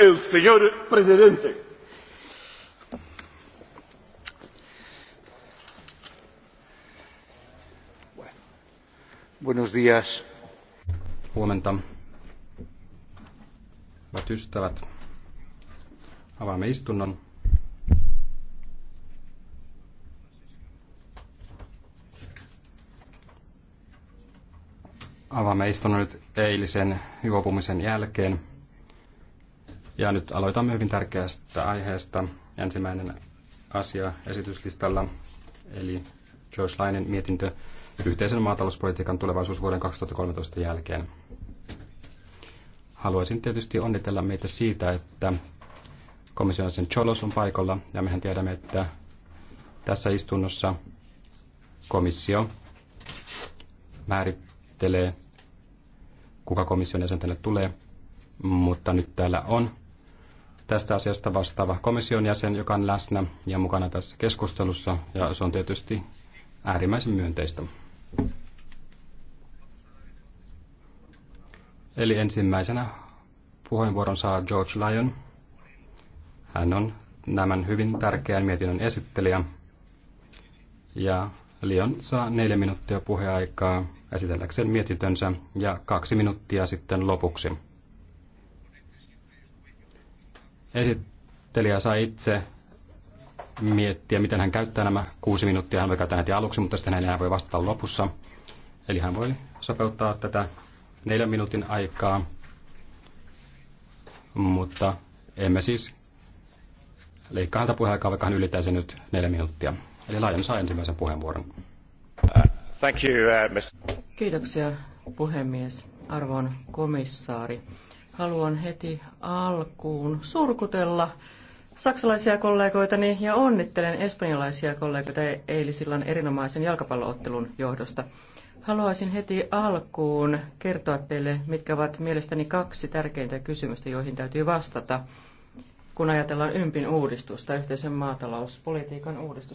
el señor presidente. Buenos días. Huomenta. Hyvät ystävät, avaamme istunnon. Avaamme istunnon nyt eilisen juopumisen jälkeen. Ja nyt aloitamme hyvin tärkeästä aiheesta. Ensimmäinen asia esityslistalla, eli George Lainen mietintö yhteisen maatalouspolitiikan tulevaisuus vuoden 2013 jälkeen. Haluaisin tietysti onnitella meitä siitä, että komission sen Cholos on paikalla, ja mehän tiedämme, että tässä istunnossa komissio määrittelee, kuka komission jäsen tänne tulee, mutta nyt täällä on tästä asiasta vastaava komission jäsen, joka on läsnä ja mukana tässä keskustelussa, ja se on tietysti äärimmäisen myönteistä. Eli ensimmäisenä puheenvuoron saa George Lyon. Hän on tämän hyvin tärkeän mietinnön esittelijä. Ja Lyon saa neljä minuuttia puheaikaa esitelläkseen mietintönsä ja kaksi minuuttia sitten lopuksi. Esittelijä saa itse miettiä, miten hän käyttää nämä kuusi minuuttia. Hän voi käyttää heti aluksi, mutta sitten hän enää voi vastata lopussa. Eli hän voi sopeuttaa tätä neljän minuutin aikaa, mutta emme siis leikkaa häntä puheaikaa, vaikka hän ylittäisi nyt neljä minuuttia. Eli Laajan saa ensimmäisen puheenvuoron. thank you, uh, Kiitoksia puhemies, arvon komissaari haluan heti alkuun surkutella saksalaisia kollegoitani ja onnittelen espanjalaisia kollegoita eilisillan erinomaisen jalkapalloottelun johdosta. Haluaisin heti alkuun kertoa teille, mitkä ovat mielestäni kaksi tärkeintä kysymystä, joihin täytyy vastata, kun ajatellaan ympin uudistusta, yhteisen maatalouspolitiikan uudistusta.